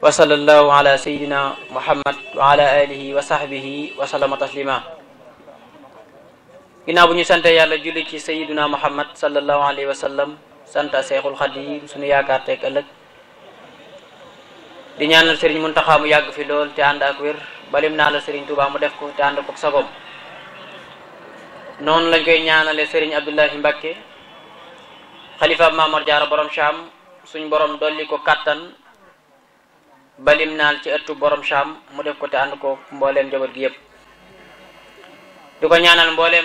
wa sallallahu ala muhammad wa ala alihi wa sahbihi wa taslima ginnaaw bu ñu sante yàlla julli ci sayiduna muhammad sallallahu alayhi wa sallam sant seexul xadim suñu yaakaar di ñaanal sëriñ Muntaxa mu yàgg fi lool te ànd ak wér balim naa la sëriñ Tuubaa mu def ko te ànd ko sagom noonu lañ koy ñaanale sëriñ Abdullahi Mbakke xalifa Mamor Jaara borom Caam suñ borom dolli ko kattan balim naan ci ëttu borom saam mu def ko te ànd ko mbooleem njaboot gi yëpp di ko ñaanal mbooleem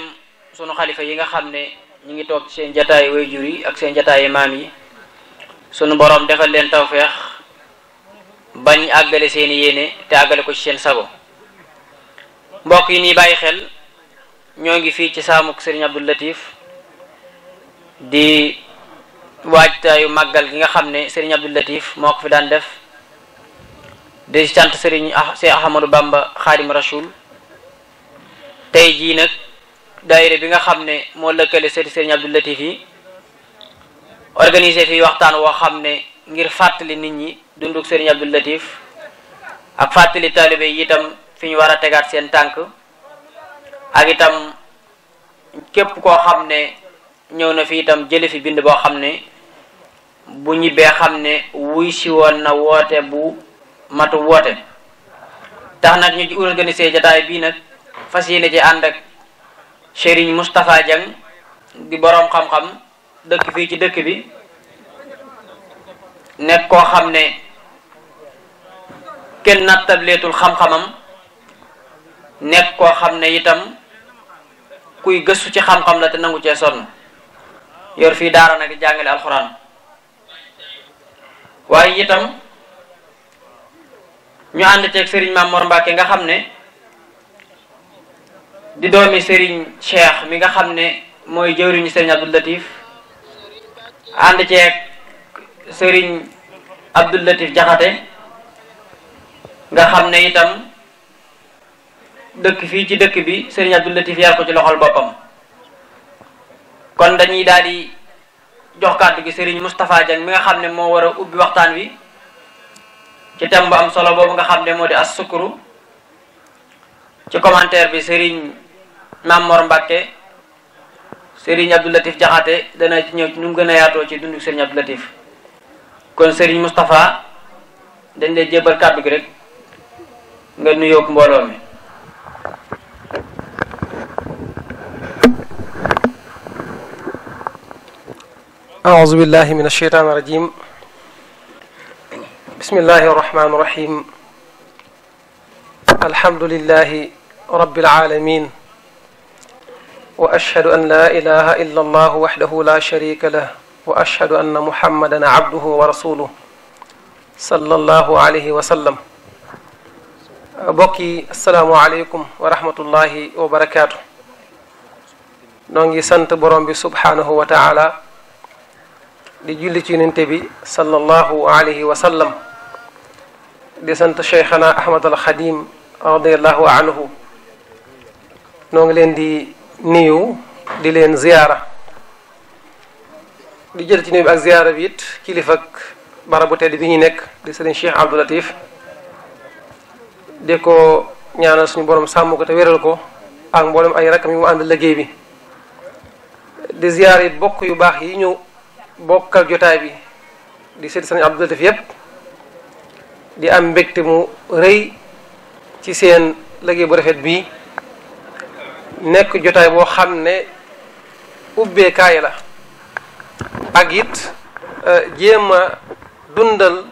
sunu xalifa yi nga xam ne ñu ngi toog ci seen jataayi wayjur yi ak seen jataayi maam yi sunu borom defal leen tawfeex bañ àggale seeni yéene te àggale ko ci seen sago mbokk yi nii bàyyi xel ñoo ngi fii ci saamuk sëriñ Abdou Latif di waajtaayu màggal gi nga xam ne sëriñ Abdou Latif moo ko fi daan def di sant sëriñ ah, Cheikh Ahmadou Bamba Xaadim Rasul tey jii nag daayira bi nga xam ne moo lëkkale seeti sëriñ Abdou Latif yi organisé fii waxtaan woo xam ne ngir fàttali nit ñi dunduk sëriñ Abdou Latif ak fàttali taalibe yi itam fi war a tegaat seen tànk ak itam képp koo xam ne ñëw na fi itam jële fi bind boo xam ne bu ñibbee xam ne wuy si woon na woote bu matu woote tax nag ñu ci organisé jataay bii nag fas yéene ci ànd ak Serigne Moustapha Dieng di boroom xam-xam dëkk fii ci dëkk bi nekk koo xam ne kenn nattableetul xam-xamam nekk koo xam ne itam kuy gëstu ci xam-xam la te nangu cee sonn yor fii daara nag jàngale alxuraan waaye itam ñu ànd ceeg Serigne Mame Mor nga xam ne di doomi sëriñ Cheikh mi nga xam ne mooy jëwriñu Serigne Abdou Latif ànd ceeg Serigne Abdou Latif Jaxate nga xam ne itam dëkk fii ci dëkk bi Serigne Abdou Latif yar ko ci loxol boppam kon dañuy daal di jox kàddu gi sëriñ Moustapha Dieng mi nga xam ne moo war ubbi waxtaan wi. ci thème am solo boobu nga xam ne moo di as ci commentaire bi sëriñ Mamor Mbakke Serigne Abdou Latif Jaxate dana ci ñëw nu mu gën a yaatoo ci dundu Serigne Abdou Latif kon Serigne Moustapha dañ lay jébbal kàddu rek nga nuyoo ak mbooloo mi. aouzu billahi min asheytaan rajim بسم الله الرحمن الرحيم الحمد لله رب العالمين وأشهد أن لا إله إلا الله وحده لا شريك له وأشهد أن محمدا عبده ورسوله صلى الله عليه وسلم bokki asalaamualeykum wa rahmatullahi wa barakaatu noo ngi sant borom bi subhaanahu wa taala di julli ci yonente bi sallallahu alayhi wa sallam di sant cheikhana ahmad al xadim radiallahu anhu noo ngi leen di niyu di leen ziyaara di jël ci nuyu bi ak ziyaara bi it kilifa bi ñu nekk di sëriñ cheikh abdou latif di ko ñaanal suñu borom sàmm ko te ko ak mboolem ay rakkam yi mu ànd liggéey bi di ziyaara it bokk yu baax yi ñëw bokkal jotaay bi di seet sëriñ Abdou Latif yépp di am mbégte mu rëy ci seen liggéey bu rafet bii nekk jotaay boo xam ne ubbeekaay la ak it euh, jéem dundal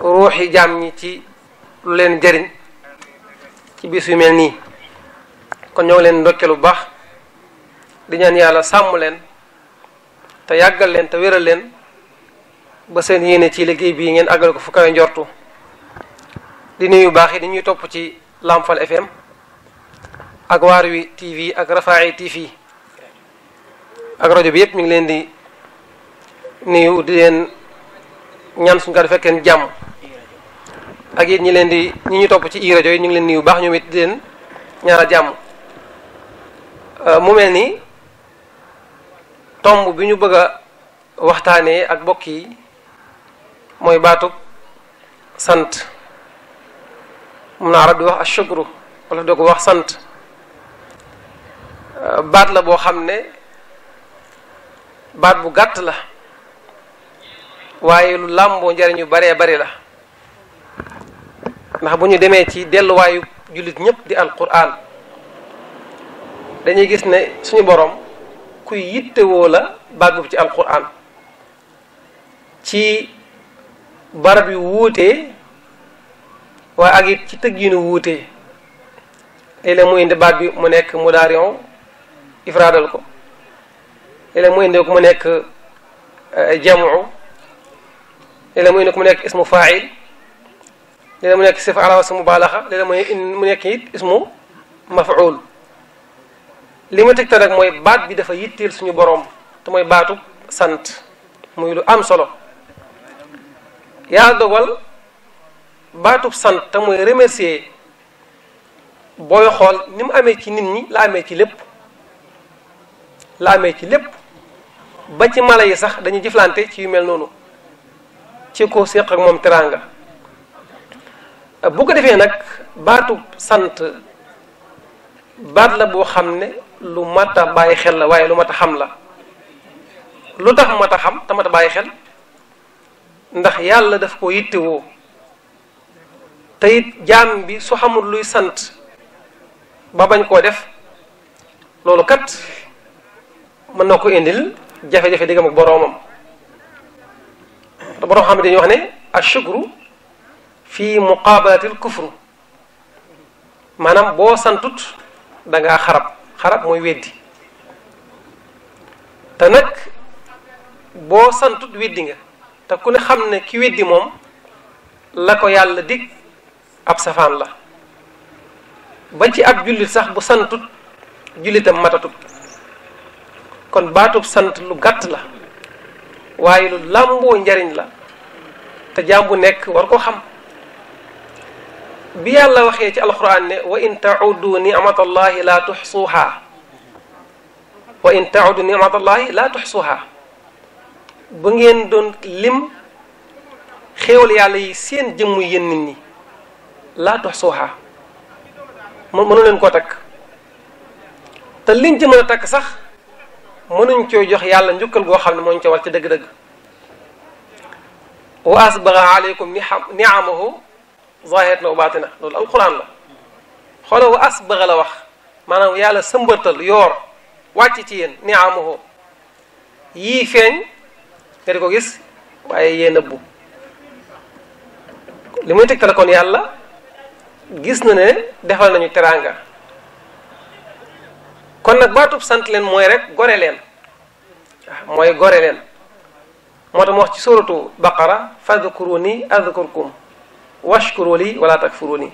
ruuxi jaam ñi ci lu leen jariñ ci bis yu mel nii kon ñëw leen ndokkee lu baax di ñaan yàlla sàmm leen te yàggal leen te wéral leen ba seen yéene ci liggéey bii ngeen àggale ko fu kawe njortu di yu baax yi di ñuy topp ci Lamfal FM ak waar wi TV ak Rafaa'i TV ak rajo bi yëpp ñu ngi leen di nuyu di leen ñaan suñu ko fekkee kenn jàmm ak it ñi leen di ñu ñu topp ci i rajo yi ñu ngi leen yu baax ñoom it di leen ñaanal jàmm mu mel nii tomb bi ñu bëgg a waxtaanee ak mbokk yi mooy baatu sant mun naa arab di wax ashukru wala doo ko wax sant euh, baat la boo xam ne baat bu gàtt la waaye lu làmboo njariñ yu baree bari la ndax bu ñu demee ci delluwaayu jullit ñépp di alquran dañuy gis ne suñu boroom kuy yittewoo la bàggub ci alquran ci barab yu wuute waaye ak it ci tëggiinu wuute léeg-léeg mu indi baat bi mu nekk mudaarion ifraadal ko léeg-léeg mu indi ko mu nekk eh, jamu léeg-léeg mu indi ko mu nekk ismu fail léeg-léeg mu nekk sifa alawa sa mubaalaxa léeg-léeg mu nekk it ismu mafuul li ma teg tegtal nag mooy baat bi dafa yitteel suñu borom te mooy baatu sant muy lu am solo yaa dogal baatub sant te mooy remercier booy xool ni mu amee ci nit ñi la amee ci lépp la amee ci lépp ba ci mala yi sax dañuy jëflante ci yu mel noonu ci ko séq ak moom teraanga bu ko defee nag baatub sant baat la boo xam ne lu mat bàyyi xel la waaye lu mat xam la lu tax mat a xam te bàyyi xel ndax yàlla daf ko yittewoo te it jaam bi su xamul luy sant ba bañ koo def loolu kat mën na ko indil jafe-jafe diggam ak boroomam xam ne dañuy wax ne ashukru fii muqaabalatil kufru maanaam boo santut da ngaa xarab xarab mooy weddi te nag boo santut weddi nga te ku ne xam ne ki weddi moom la ko yàlla dig ab safaan la ba ci at jullit sax bu santut jullitam matatut kon baatub sant lu gàtt la waaye lu làmboo njariñ la te jaam nekk war ko xam bi yàlla waxee ci alquran ne wa in taudu nicmatallahi laa tuxsuuhaa wa in taudu nicmatallahi laa tuxsuuhaa bu ngeen doon lim xéewal yàlla yi seen jëmm yéen nit ñi laa tuxsuuhaa mënu leen koo takk te liñ ci mën a takk sax mënuñ coo jox yàlla njukkal goo xam ne moo ñu ca war ci dëgg-dëgg wa asbaga aleykum niamahu zaahir na wa baatina loolu alquran la xoola wa asbaga la wax maanaam yàlla sëmbatal yoor wàcc ci yéen niamuhu yii feeñ nga di ko gis waaye yee nëbbu li muy tegtal kon yàlla gis na ne defal nañu teraanga kon nag baatub sant leen mooy rek gore leen ah, mooy gore leen moo tax wax ci suratu baqara fadkuruni adkurkum washkuru lii wala takfuru nii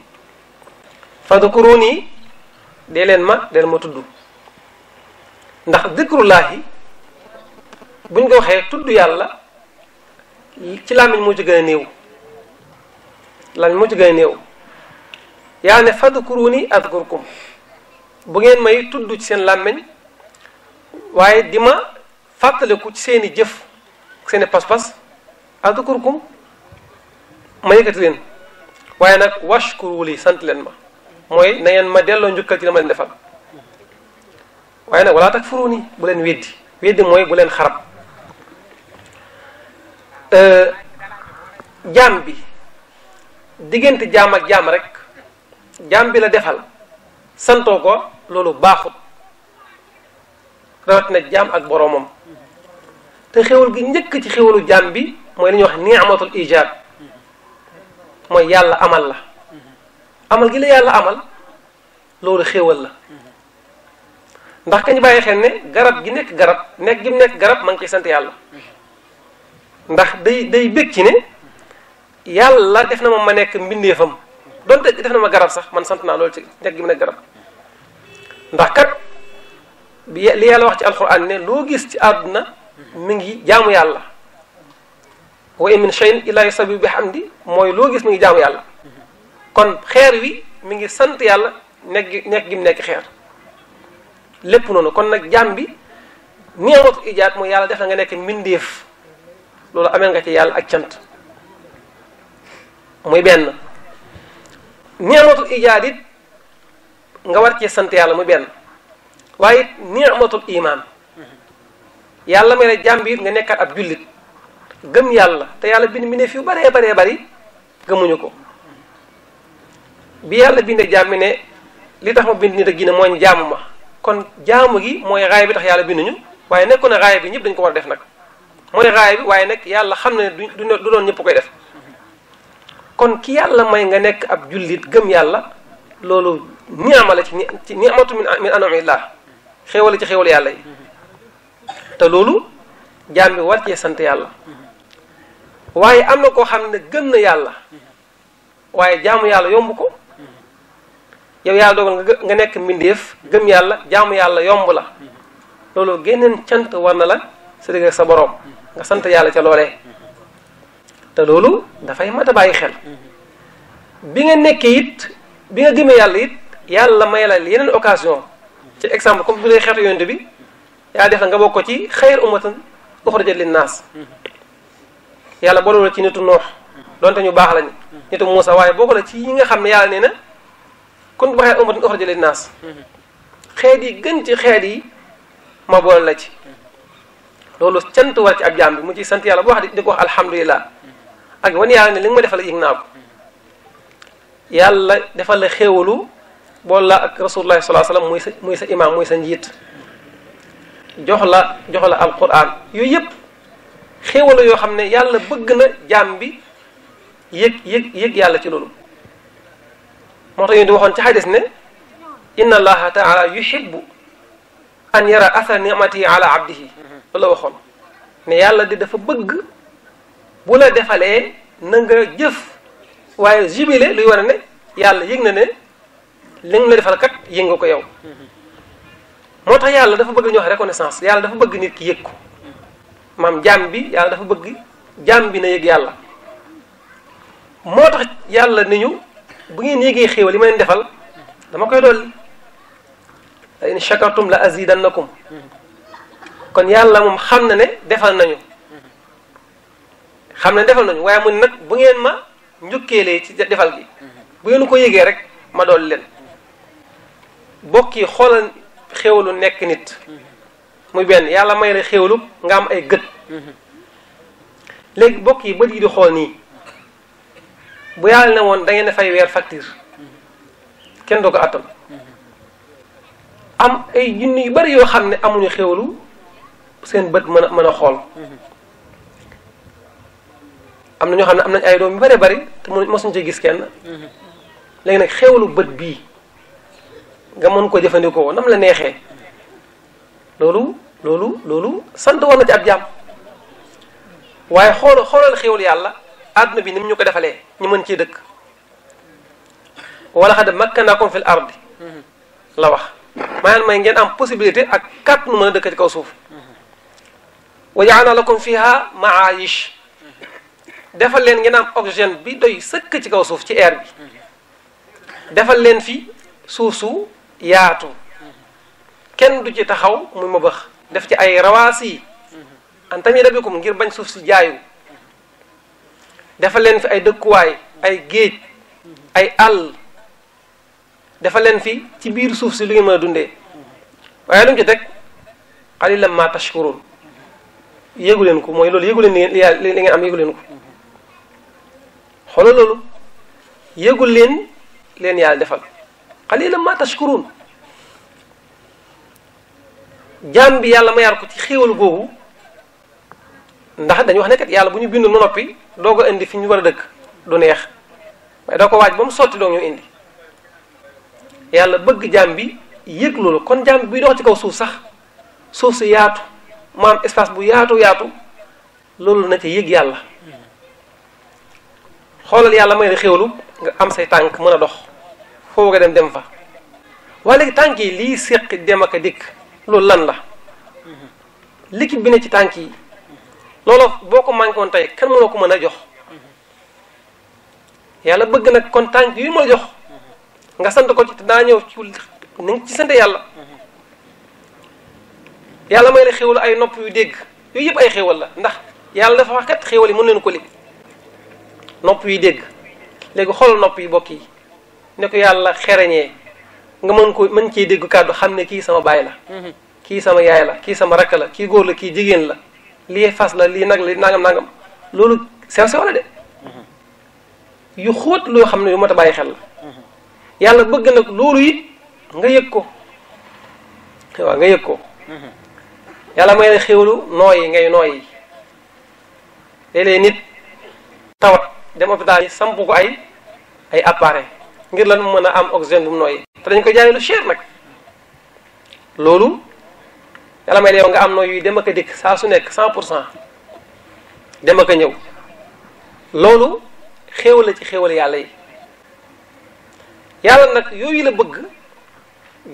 fadkuru nii dee leen ma dee leen ma tudd ndax dikrullaahi buñ ko waxee tudd yàlla ci làmmiñ moo ci gën a néew làmmiñ moo ci gën a néew yaa ne fadkuru nii adkurkum bu ngeen may tudd ci seen làmmiñ waaye di ma fàttaleku ci seeni jëf seeni pas-pas adkurkum ma yëkkati leen waaye nag washkuru li sant leen ma mooy na ma delloo njukkal ci dama leen defal waaye nag wala takfuruni bu leen weddi weddi mooy bu leen xarab euh, jaam bi diggante jaam ak jaam rek jaam bi la defal santoo ko loolu baaxut rawat na jaam ak boroomam te xéwal gi njëkk ci xéwalu jaam bi mooy li ñuy wax ni'matul ijab mooy yàlla amal la amal gi la yàlla amal loolu xéewal la ndax kañ bàyyi xel ne garab gi nekk garab nekk gi mu nekk garab ma ngi ciy sant yàlla ndax day day bég ci ne yàlla def na ma ma nekk mbindeefam donte def na ma garab sax man sant naa loolu ci nekk gi mu nekk garab ndax kat li yàlla wax ci alxuraan ne loo gis ci àdduna mi ngi jaamu yàlla wa in min shay'in illa yusabbihu bihamdi mooy loo gis mi ngi jaamu yàlla kon xeer wi mi ngi sant yàlla nekk nekk gi mu nekk xeer lépp noonu kon nag jaam bi ni'matul ijaad mooy yàlla def nga nekk mbindeef loolu amee nga ci yàlla ak cant muy benn ni'matul ijaad it nga war cee sant yàlla muy benn waaye it ni'matul imaan yàlla ma la jaam bi it nga nekkaat ab jullit gëm yàlla te yàlla bind mbindeef yu bare baree bari gëmuñu ko bi yàlla bindee jaam mi ne li tax ma bind nit ak jinne mooñ jaamu ma kon jaamu gi mooy raay bi tax yàlla binduñu waaye nekku na raay bi ñëpp dañ ko war def nag mooy raay bi waaye nag yàlla xam na ne du doon ñëpp koy def kon ki yàlla may nga nekk ab jullit gëm yàlla loolu ni'ama la ci ci ni'matu min min anamillah xéewal ci xéewal yàlla yi te loolu jaam bi war sant yàlla waaye am na koo xam ne gën na yàlla waaye jaamu yàlla yomb ko yow yàlla dogal nga nekk mbindeef gën yàlla jaamu yàlla yomb la loolu génneen cant war na la sa digg sa boroom nga sant yàlla ca loolee te loolu dafay mat bàyyi xel bi nga nekkee it bi nga gëmee yàlla it yàlla may la yeneen occasion ci exemple comme bu dee xeetu yonent bi yaa def la nga bokk ko ci xayr ummatan uxrijat linnaas yàlla boolewul la ci nitu noox donte ñu baax lañu nitu Muusa waaye boo ko la ci ñi nga xam ne yàlla nee na kon bu waxee ummatin uxrijat linnaas xeet yi gën ci xeet yi ma boole la ci loolu cant war ci ab jaam bi mu ciy sant yàlla boo wax di ko wax alhamdulilah ak wan yàlla ne li nga ma defal yëg naa ko yàlla defal la xéewalu bool la ak rasulullahi salaa sallam sa muy sa imaam muy sa njiit jox la jox la alquran yooyu yëpp xéewala yoo xam ne yàlla bëgg na jaam bi yëg yëg yëg yàlla ci loolu moo tax ñu di waxoon ci xadis ne inna allaha taala yuhibbu an yara athar nimati ala abdihi waxoon ne yàlla di dafa bëgg bu la defalee na nga jëf waaye jubile luy war a ne yàlla yëg na ne li nga la defal kat yëg nga ko yow mm-hmm. moo tax yàlla dafa bëgg ñu wax reconnaissance yàlla dafa bëgg nit ki yëg ko maam jaam bi yàlla dafa bëgg jaam bi na yëg yàlla moo tax yàlla nañu bu ngeen yëgee xéewal li ma leen defal dama koy dolli la in shakartum la azidannakum kon yàlla moom xam na ne defal nañu xam ne defal nañu waaye mu nag bu ngeen ma njukkeelee ci defal gi bu ngeen ko yéegee rek ma dool leen bokk yi xoolal xéewalu nekk nit muy benn yàlla may la xéwlu nga am ay gët léegi bokk yi bët yi di xool nii bu yàlla ne woon da ngeen weer facture kenn doo ko attan am ay junni yu bari yoo xam ne amuñu xéwlu seen bët mën a mën a xool am na ñoo xam ne am nañ ay doom yu bari bari te suñ ci gis kenn léegi nag xéwlu bët bii nga mën ko jëfandikoo nam la neexee loolu loolu loolu sant war na ci ab jaam waaye xool xoolal xéwal yàlla àdduna bi ni mu ñu ko defalee ñu mën cee dëkk wala xad makkanakum fil ardi la wax maanaam may ngeen am possibilité ak kat nu mën a dëkk ci kaw suuf wa ja'alna lakum fiha ma'ayish defal leen ngeen am oxygène bi doy sëkk ci kaw suuf ci air bi defal leen fi suuf su yaatu kenn du ci taxaw muy ma bëx def ci ay rawaas yi an tamit mu ngir bañ suuf si jaayu defal leen fi ay dëkkuwaay ay géej ay àll defal leen fi ci biir suuf si li ngeen mën a dundee waaye lu mu ci teg qalilan ma tashkurun yéegu leen ko mooy loolu yéegu leen li li ngeen am yéegu leen ko xoolal loolu yéegul leen leen yàlla defal qalilan ma tashkurun jaam bi yàlla mayaat ko ci xéewal googu ndax dañ wax ne yàlla bu ñu bind ba noppi doog a indi fi ñu war a dëkk du neex waaye da ko waaj ba mu sotti doog ñu indi yàlla bëgg jaam bi yëg loolu kon jaam bi buy dox ci kaw suuf sax suuf si yaatu ma am espace bu yaatu yaatu loolu na ci yëg yàlla xoolal yàlla may la xéewlu nga am say tànk mën a dox foo nga dem dem fa waaye léegi tànk yi lii séq dem ak a dikk loolu lan la liquide bi ne ci tànk yi looloo boo ko manqué woon tey kan mënoo ko mën a jox yàlla bëgg nag kon tànk yu ma jox nga sant ko ci te daa ñëw ci ni ci sant yàlla yàlla may la xéwal ay nopp yu dégg yooyu yëpp ay xéwal la ndax yàlla dafa wax kat xéwal yi mën leen ko lim nopp yu dégg léegi xoolal nopp yi bokk yi ne ko yàlla xereñee nga mën ko mën cee dégg kàddu xam ne kii sama bàyyi la mhm. kii sama yaay la kii sama rakk la kii góor la kii jigéen la lii fas la lii nag la nangam nangam loolu sew sew la de mhm. yu xóot loo xam ne yu mat a bàyyi xel la mhm. yàlla bëgg nag loolu it yëg ko waaw nga yëg ko may la xéwlu nooyi ngay nooy léeg-léeg nit tawat dem hôpital yi samp ko ay ay ngir lan mu mën a am oxygène bu mu te dañ ko jaay lu cher nag loolu yàlla may ne nga am noo yuy dem ak a saa su nekk cent pour cent dem ak a ñëw loolu xéewal la ci xéewal yàlla yi yàlla nag yooyu la bëgg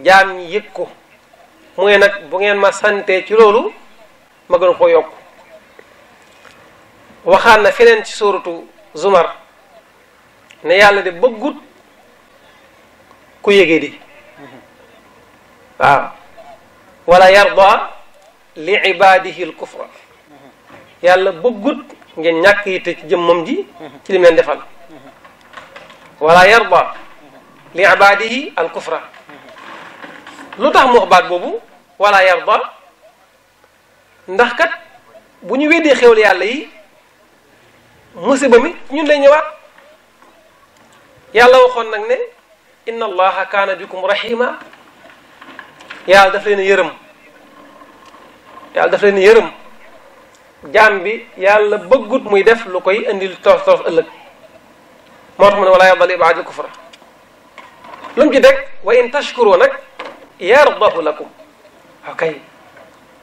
jaam ñi yëg ko mu ne nag bu ngeen ma sante ci loolu ma gën ko yokk waxaan na feneen ci suuratu zumar ne yàlla de bëggut ku yégee di waaw wala yarda li ibaadihi lkufra yàlla bëggut ngeen ñàkk yitte ci jëmmam ji ci lim leen defal wala yarda li ibaadihi alkufra lu tax mu boobu wala yarda ndax kat bu ñu weddee xewlu yàlla yi musiba mi ñun lay ñëwaat yàlla waxoon nag ne inna allaha kaana bikum rahima yàlla daf leen yërëm yàlla daf leen yërëm jaam bi yàlla bëggut muy def lu koy indil toof toof ëllëg moo tax mu ne walaa yardal ibaadil kufra lu mu ci in tashkuru nag yardahu lakum ok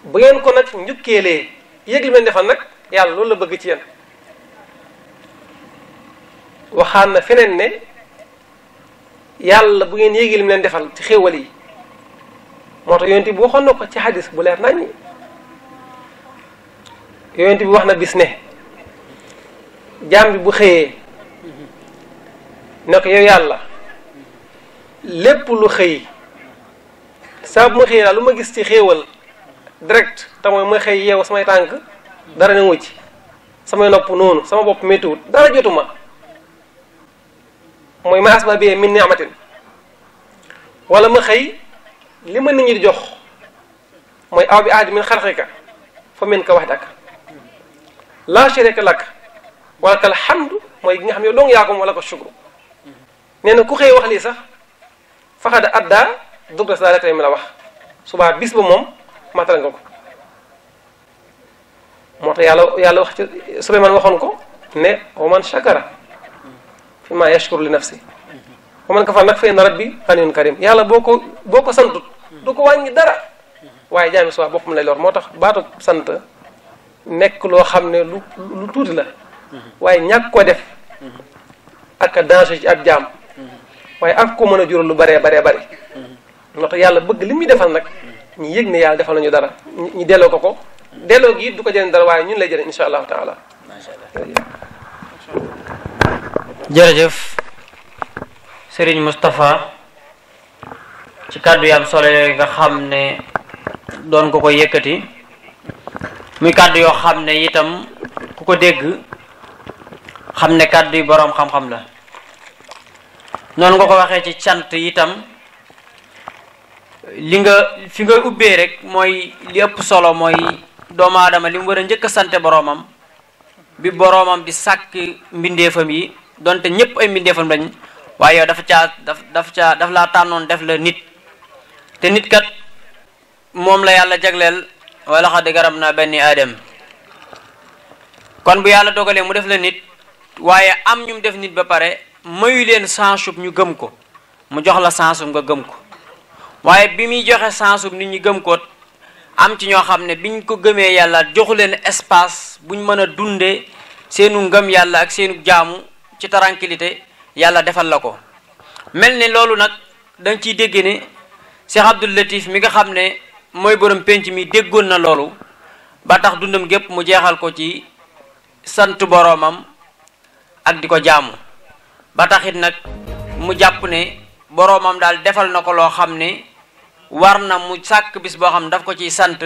bu ngeen ko nag njukkeelee yëg li meen defal nag yàlla loolu la bëgg ci yéen waxaan na feneen ne yàlla bu ngeen yéegi lim leen defal ci xéewal yi moo tax yonent bi waxoon na ko ci xadis bu leer nañ yonent bi wax na bis ne jaam bi bu xëyee ne ko yow yàlla lépp lu xëy saa bu ma xëyee daal lu ma gis ci xéewal direct te mooy ma xëy yeewu samay tànk dara ne ci samay nopp noonu sama bopp méttiwut dara jotuma mooy ma asbabee min ni'matin wala ma xëy li ma nit ñi di jox mooy aw bi ahdi min xalqika fa min ka wahdaka laa sharika lak wala kal hamdu mooy gi nga xam ne dong yaa ko wala ko ku xëy wax sax faxada adda dugda sa wax subaa bis ba moom matal nga ko moo tax yàlla yàlla wax ci Suleymaan waxoon ko ne wa man fi ma yashkur li nafsi wa man kafar nag fa inna rabbi ganiyun karim yàlla boo ko boo ko santut du ko wàññi dara waaye jaami subaa boppam lay lor moo tax baatu sant nekk loo xam ne lu lu tuuti la waaye ñàkk ko def ak a danger ci ab jaam waaye ak ko mën a jural lu baree baree bari moo tax yàlla bëgg li muy defal nag ñu yëg ne yàlla defal nañu dara ñu delloo ko ko delloo gi du ko jëriñ dara waaye ñun lay jëriñ insha allahu taala jërëjëf Serigne Moustapha ci kàddu yi am solo yooyu nga xam ne doon ko ko yëkkati muy kàddu yoo xam ne itam ku ko dégg xam ne kàddu yi boroom xam-xam la noonu nga ko waxee ci cant itam li nga fi nga ubbee rek mooy li ëpp solo mooy doomu aadama li mu war a njëkk a sante boroomam bi boroomam di sàkk mbindeefam yi donte ñëpp ay mbindeefam lañ waaye dafa ca daf dafa caa daf laa tànnoon def la nit te nit kat moom la yàlla jagleel wala xad garam naa benn aadam kon bu yàlla dogalee mu def la nit waaye am ñu def nit ba pare mayu leen sansub ñu gëm ko mu jox la sansub nga gëm ko waaye bi muy joxe sansub nit ñi gëm ko am ci ñoo xam ne biñ ko gëmee yàlla joxu leen espace ñu mën a dundee seenu ngëm yàlla ak seenu jaamu ci tranquillité yàlla defal la ko mel ni loolu nag da ciy dégg ne Cheikh Abdoul Latif mi nga xam ne mooy boroom pénc mi déggoon na loolu ba tax dundam gépp mu jeexal ko ci sant boroomam ak di ko jaamu ba taxit nag mu jàpp ne boroomam daal defal na ko loo xam ne war na mu sàkk bis boo xam ne daf ko ciy sant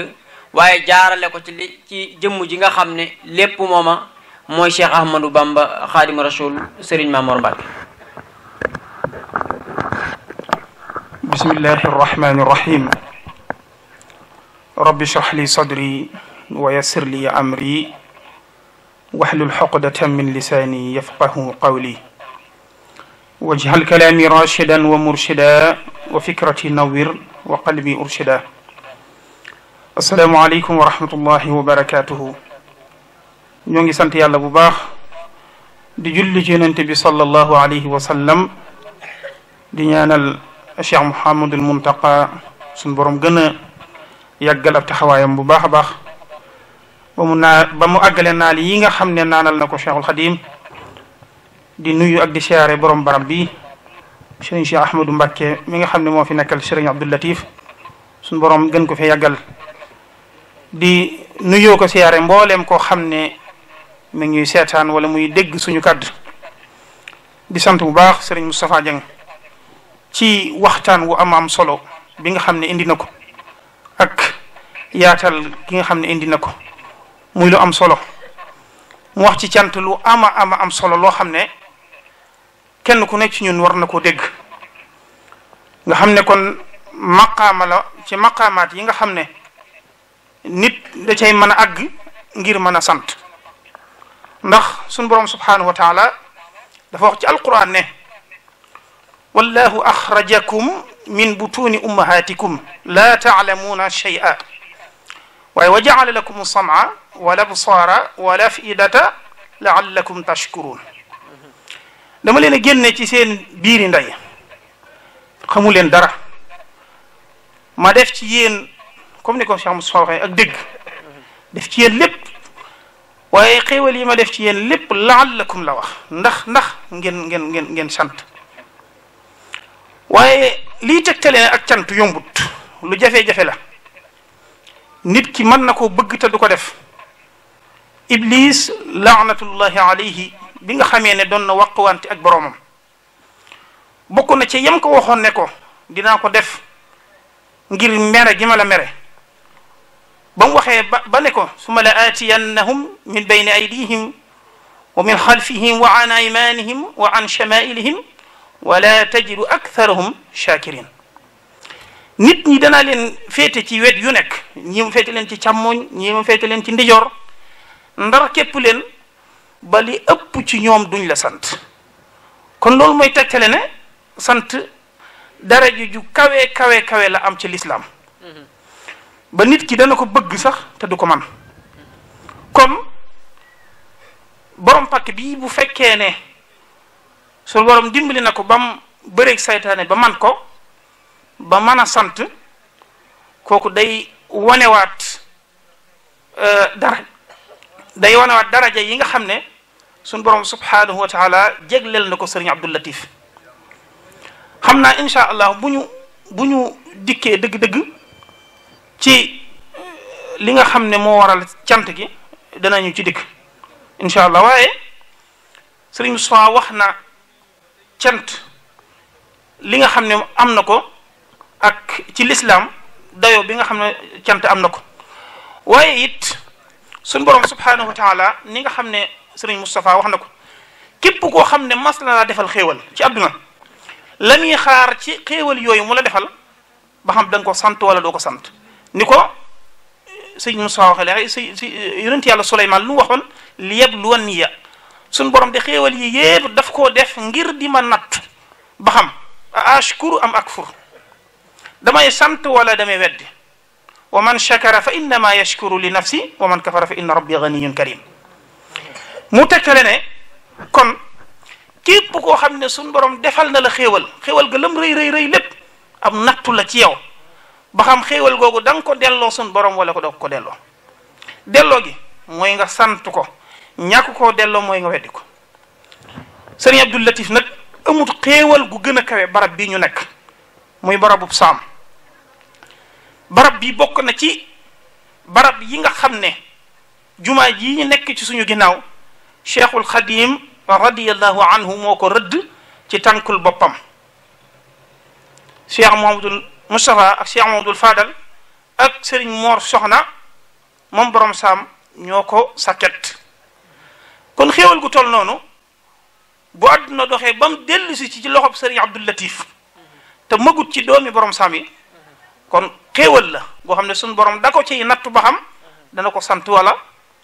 waaye jaarale ko ci li ci jëmm ji nga xam ne lépp mooma mooy Cheikh Ahmadou Bamba Xaadimu Rasul Serigne Mamor Mbacke. bismillahi rahmaani rahim. rabbi shrah li sadri wa yassir li amri wahlul xoqdatan min lisaani yafqahu qawli. wajhal kalaami rashidan wa murshida wa fikrati nawir wa qalbi urshida. asalaamualeykum wa rahmatullahi wa barakatuhu. ñoo ngi sant yàlla bu baax di julli ci yonente bi sallallahu alayhi wa sallam di ñaanal cheikh Mouhamadul Muntaqa suñ borom gën a yàggal ab taxawaayam bu baax a baax ba mu naa ba mu àggale naal yi nga xam ne naanal na ko cheikhul xadim di nuyu ak di siyaare borom barab bi sëriñ Cheikh Ahmadou Mbacké mi nga xam ne moo fi nekkal sëriñ Abdou Latif suñ borom gën ko fi yàggal di nuyoo ko siyaare mbooleem koo xam ne mi ngi seetaan wala muy dégg suñu kàddu di sant bu baax sëriñ Moustapha Dieng ci waxtaan wu am am solo bi nga xam ne indi na ko ak yaatal ki nga xam ne indi na ko muy lu am solo mu wax ci cant lu ama ama am solo loo xam ne kenn ku nekk ci ñun war na koo dégg nga xam ne kon maqaama la ci maqaamaat yi nga xam ne nit da cay mën a àgg ngir mën a sant ndax suñu borom subhanahu wa taala dafa wax ci alquran ne wallahu axrajakum min butuni ummahatikum la taalamuuna shay'a waaye wa jaala lakum samaa wala absaara wala afidata laallakum tashkurun dama leen a génne ci seen biiri ndey xamu leen dara ma def ci yéen comme ni ko Cheikh Moustapha waxee ak dégg def ci yéen lépp waaye xéewal yi ma def ci yéen lépp laallakum la wax ndax ndax ngeen ngeen ngeen ngeen sant waaye lii tegtale ne ak cant yombut lu jafe-jafe la nit ki mën na ko bëgg te du ko def iblis laanatullahi alayhi bi nga xamee ne doon na waqwante ak boroomam bokk na ci yam ko waxoon ne ko dinaa ko def ngir mere gi ma la mere ba mu waxee ba ba ne ko summa la aatiyannahum min bayni aydihim wa min xalfihim wa an aymanihim wa an chamailihim wala tajidu aktharahum shakirin nit ñi danaa leen féete ci wet yu nekk ñi mu féete leen ci càmmooñ ñi mu féete leen ci ndijoor ndar képp leen ba li ëpp ci ñoom duñ la sant kon loolu mooy tegtale ne sant dara ju kawe kawe kawe la am ci lislaam ba nit ki dana ko bëgg sax te du ko man comme borom pàkk bii bu fekkee ne suñu borom dimbali na ko ba mu bëreeg saytaane ba man ko ba mën a sant kooku day wanewaat euh, dara day wanewaat daraja yi nga xam ne sun borom subhanahu wa taala jégleel na ko sëriñ Abdou Latif xam naa incha allah bu ñu bu ñu dikkee dëgg-dëgg ci euh, li nga xam ne moo waral cant gi danañu ci dikk incha allah waaye sëriñ Moussa wax na cant li nga xam ne am na ko ak ci lislaam dayo bi nga xam ne cant am na ko waaye it suñ borom subhaanahu wa taala ni nga xam ne sëriñ Moustapha wax na ko képp koo xam ne mas la defal xéewal ci àdduna la muy xaar ci xéewal yooyu mu la defal ba xam da ko sant wala doo ko sant ni ko sëñ Moussa waxee léegi si si yonent yàlla Suleymaan lu mu waxoon li borom de xéewal yi yépp daf koo def ngir di ma natt ba xam a ashkuru am akfur damay sant wala damay weddi wa man shakara fa innama yashkuru li nafsi wa man kafara fa inna rabbi ganiyun karim mu tegtale ne kon képp koo xam ne suñ borom defal na la xéewal xéewal ga lam rëy rëy rëy lépp am nattu la ci yow ba xam xéewal googu da nga ko delloo sun borom wala ko doo ko delloo delloo gi mooy nga sant ko ñàkk ko delloo mooy nga weddi ko sëriñ Abdou Latif nag amut xéewal gu gën a kawe barab bi ñu nekk muy barabub saam barab bi bokk na ci barab yi nga xam ne jumaa jii ñu nekk ci suñu ginnaaw cheikhul xadim radiallahu anhu moo ko rëdd ci tànkul boppam cheikh mohamadul Moustapha ak Cheikh Mamadou ak Serigne Mor Soxna moom borom saam ñoo ko sàkket kon xéewal gu toll noonu boo àdduna doxee ba mu dellusi ci ci loxob Serigne Abdou Latif te magut ci doomi borom saam yi kon xéewal la boo xam ne suñu borom da ko ci nattu ba xam dana ko sant wala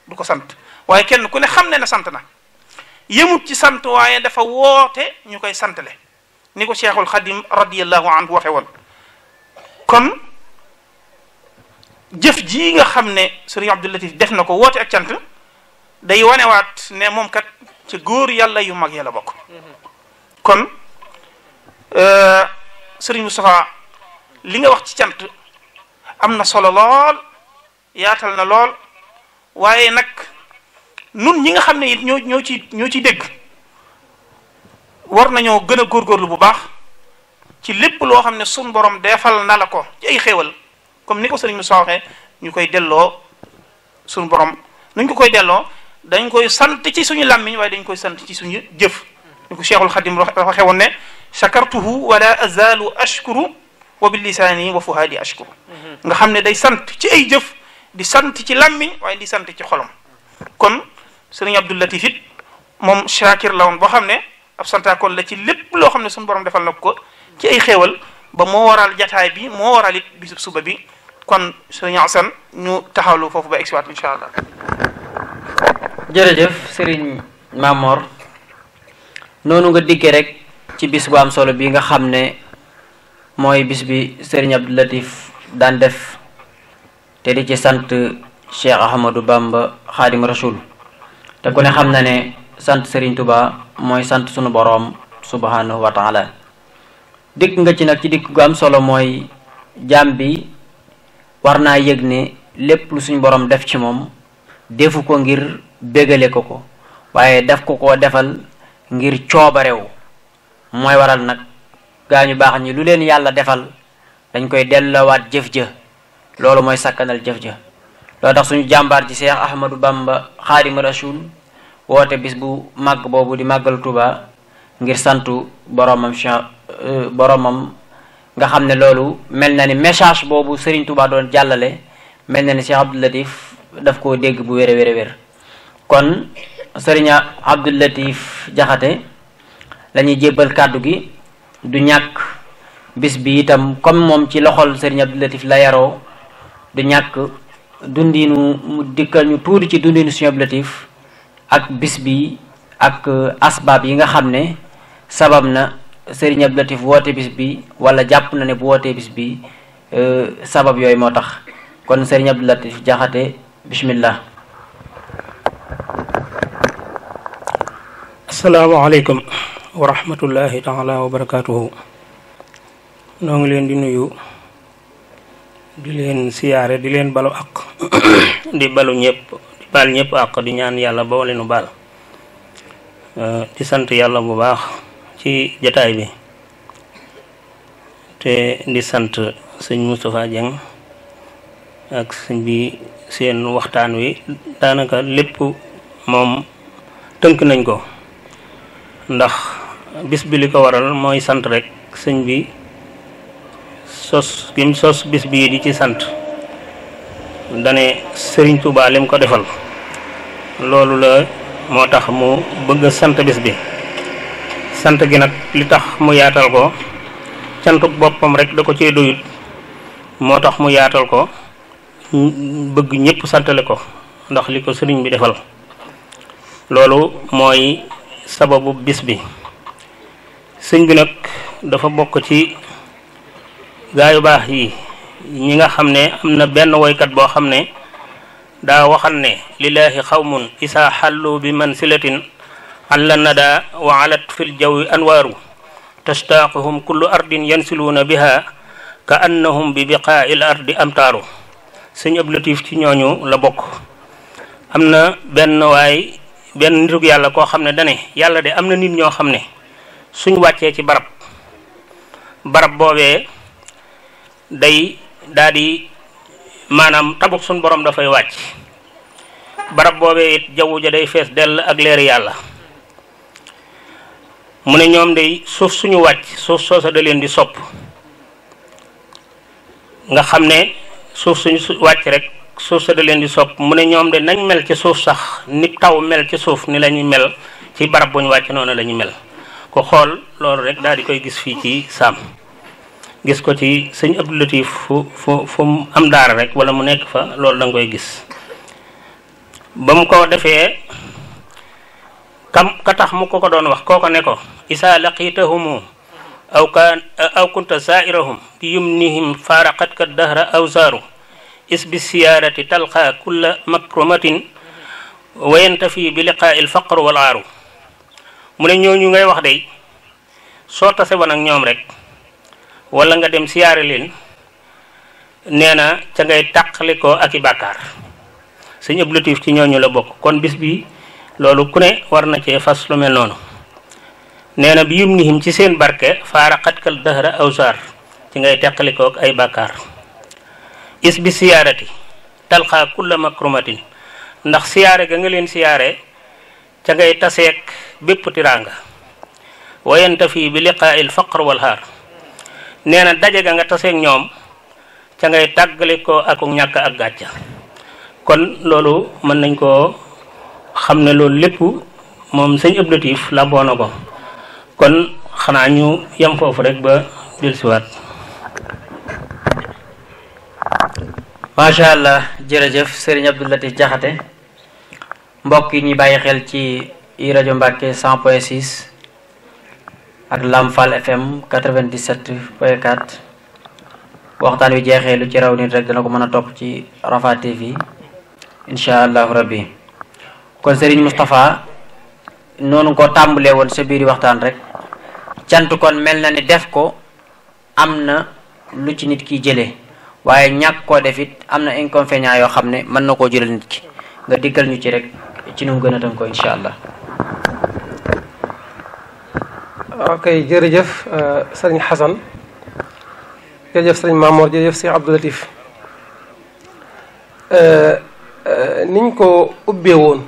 du ko sant waaye kenn ku ne xam ne na sant na yëmut ci sant waaye dafa woote ñu koy santale ni ko Cheikhul Xadim radiyallahu anhu waxe woon kon jëf ji nga xam ne sëriñ Abdou Latif def na ko woote ak cant day wanewaat ne moom kat ci góor yàlla yu mag yàlla bokk kon euh, sëriñ Moustapha li nga wax ci cant am na solo lool yaatal na lool waaye nag nun ñi nga xam ne it ñoo ñoo ci ñoo ci dégg war nañoo gën a góorgóorlu bu baax ci lépp loo xam ne sun borom defal na la ko ci ay xéewal comme ni ko sëriñ Moussa waxee ñu koy delloo suñu borom nuñ ko koy delloo dañ koy sant ci suñu làmmiñ waaye dañ koy sant ci suñu jëf ñu ko cheikhul xadim waxee woon ne shakartuhu wala azalu ashkuru wa bi lisaani wa fuhaadi ashkuru mhm. nga xam ne day sant ci ay jëf di sant ci làmmiñ waaye di sant ci xolam kon sëriñ Abdou Latif it moom shakir la woon boo xam ne ab santaakoon la ci lépp loo xam ne suñu borom defal na ko ci ay xewal ba moo waral jataay bi moo waralit bisub suba bi kon sëriñ Asan ñu taxawlu foofu ba egsiwaat incha allah. jërëjëf sëriñ Mamor noonu nga diggee rek ci bis bu am solo bi nga xam ne mooy bis bi sëriñ Abdou Latif daan def te di ci sant Cheikh Ahmadou Bamba Xaadim Rasul te ku ne xam na ne sant sëriñ Tuba mooy sant sunu boroom subhanahu wa dikk nga ci nag ci dikk gu am solo mooy jaam bi war naa yëg ne lépp lu suñ boroom def ci moom defu ko ngir bégale ko ko waaye def ko koo defal ngir coobarewu mooy waral nag gaa ñu baax ñi lu leen yàlla defal dañ koy delloowaat jëf ja loolu mooy sakkanal jëf ja loo tax suñu jàmbaar ci Seex Ahmadu Bamba Xaadimu Rasuul woote bis bu màgg boobu di màggal Tuuba ngir santu boromam Euh, boromam nga xam ne loolu mel na ni message boobu Serigne Touba doon jàllale mel na ni Cheikh Abdou daf koo dégg bu wér a wér a wér kon Serigne Abdou Jaxate la ñuy jébbal kàddu gi du ñàkk bis bi itam comme moom ci loxol Serigne Abdou la yaroo du ñàkk dundinu mu dikkal ñu tuuti ci dundinu Serigne Abdou ak bis bi ak euh, asbaab yi nga xam ne sabab na Serigne Abdou Latif woote bis bi wala jàpp na ne bu wootee bis bi euh, sabab yooyu moo tax kon Serigne Abdou Latif Jaxate bismillah asalaamaaleykum wa rahmatullahi taala wa barakaatuhu ngi leen di nuyu di leen siyaare di leen balu àq di balu ñëpp di baal ñëpp àq di ñaan yàlla boole nu baal euh, di sant yàlla bu baax ci jataay bi te di sant sëñ Moustapha Dieng ak sëñ bi seen waxtaan wi daanaka lépp moom tënk nañ ko ndax bis bi li ko waral mooy sant rek sëñ bi sos gim sos bis bii di ci sant dane sëriñ Touba lim ko defal loolu la moo tax mu bëgg sant bis bi sant gi nag li tax mu yaatal ko cantuk boppam rek da ko cee doyut moo tax mu yaatal ko bëgg ñëpp santale ko ndax li ko sëriñ bi defal loolu mooy sababu bis bi sëñ bi nag dafa bokk ci gaa yu baax yi ñi nga xam ne am na benn woykat boo xam ne daa waxal ne lillaahi xawmun isaa xallu bi mansilatin alla nada wa alat fil jawi anwaaru tastaaquhum kullu ardin yansiluuna biha ka annahum bi biqaail ardi amtaaru sëñ Abdou Latif ci ñooñu la bokk am na benn waay benn nitug yàlla koo xam ne dane yàlla de am na nit ñoo xam ne suñ wàccee ci barab barab boobee day daa maanaam tabuk suñ boroom dafay wàcc barab boobee it jaww ja day fees dell ak leeri yàlla mu ne ñoom day suuf suñu wàcc suuf soosa da leen di sopp nga xam ne suuf suñu wàcc rek suuf sa da leen di sopp mu ne ñoom de nañ mel ci suuf sax nit taw mel ci suuf ni la ñu mel ci barab bu ñu wàcc noonu lañuy mel ko xool loolu rek daal di koy gis fii ci saam gis ko ci sëñ Abdou Latif fu fu fu am daara rek wala mu nekk fa loolu danga koy gis ba mu ko defee kam ka tax mu ko ko doon wax kooko ne ko isaa laqitahumu aw kaan aw kunta saairahum bi yumnihim faaraqatka dahra aw saaru is bi siyaarati talqa kulla makrumatin wa yantafi bi liqaai alfaqru wal aaru mu ne ñooñu ngay wax de soo tase woon ak ñoom rek wala nga dem siyaare leen nee na ca ngay tàqali ko ak i bàkkaar sëñ Abdou Latif ci ñooñu la bokk kon bis bi loolu ku ne war na cee fas lu mel noonu nee na bi yum nihim ci seen barke faara xatkal aw awsar ci ngay teqalikook ay bàkkaar is bi siyaarati talxaa kulla makrumatin ndax siyaare ga nga leen siyaare ca ngay taseek bépp tiraanga wayanta fii bi liqaail faqr wal haar na daje ga nga taseek ñoom ca ngay tàggalikoo ak ñàkk ak gàcca kon loolu mën nañ koo xam ne loolu lépp moom sëñ Abdou Latif làmboo ko kon xanaa ñu yem foofu rek ba dellusiwaat. macha allah jërëjëf sëriñ Abdou Latif Jaxate mbokk yi ñuy bàyyi xel ci rajo Mbàkke 100 point 6 ak Lamfal FM 97 point 4 waxtaan wi jeexee lu ci raw nit rek dana ko mën a topp ci Rafah TV incha allahu rabbi kon Serigne Moustapha noonu ko tàmbalee woon sa biir waxtaan rek cant kon mel na ni def ko am na lu ci nit ki jële waaye ñàkk ko def it am na inconvénient yoo xam ne mën na koo jëlal nit ki nga diggal ñu ci rek ci nu mu gën a tënk ko incha allah. ok jërëjëf euh, sëriñ Xasan jërëjëf sëriñ Mamoor jërëjëf sëriñ Abdoulatif euh, euh, niñ ko ubbee woon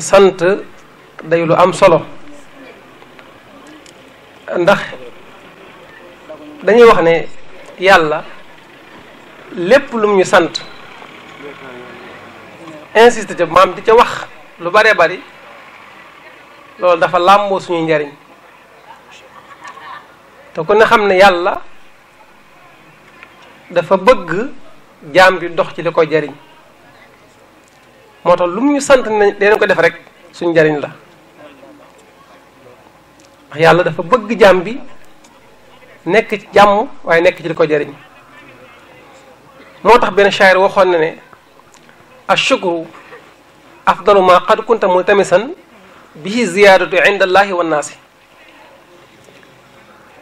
sant day lu am solo ndax dañuy wax ne yàlla lépp lum ñu sant insiste ca maam di ca wax lu bare bari loolu dafa làmboo suñuy njariñ te ku ne xam ne yàlla dafa bëgg jaam bi dox ci li ko jariñ moo tax lu mu ñu sant ne dinañ ko def rek suñ njariñ la yàlla dafa bëgg jàmm bi nekk ci jàmm waaye nekk ci li ko jariñ moo tax benn shaayir waxoon na ne ashukru afdalu ma qad kunta multamisan bihi ziyaadatu inda allahi wa naasi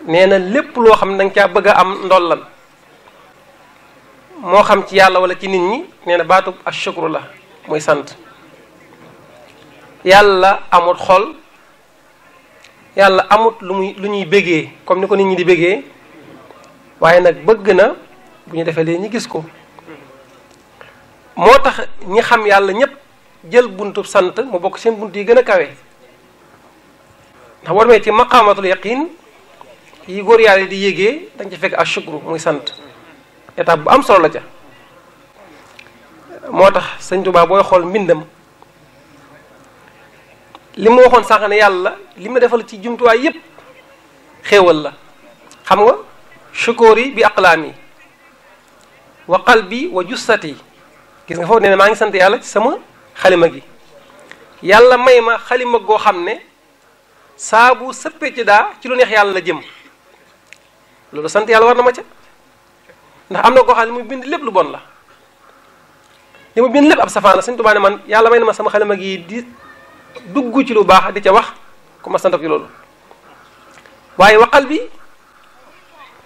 nee na lépp loo xam ne danga caa bëgg a am ndollan moo xam ci yàlla wala ci nit ñi nee na baatu ashukru la muy sant yàlla amut xol yàlla amut lu muy lu ñuy bëggee comme ni ko nit ñi di bëggee waaye nag bëgg na bu ñu defee lee ñu gis ko moo tax ñi xam yàlla ñépp jël buntu sant mu bokk seen bunt yi gën a kawe ndax boo demee ci maqaamatul yaqin yi gor yàlla di yégee dañ ci fekk ashukru muy sant étape bu am solo la ca moo tax sëñ Tuubaa booy xool mbindam li mu waxoon sànq ne yàlla li mu defal ci jumtuwaay yépp xéewal la xam nga shukuri bi aqlaami wa qalbi wa jussati gis nga foofu nee na maa ngi sant yàlla ci sama xalima gi yàlla may ma xalima goo xam ne saabu bu sëppee ci daa ci lu neex yàlla la jëm loolu sant yàlla war na ma ca ndax am na koo xam ne muy bind lépp lu bon la li mu bind lépp ab safaan la Sëñ Tuubaa ne man yàlla may na ma sama xalima gi di dugg ci lu baax di ca wax ku ma sant ci loolu waaye waxal bi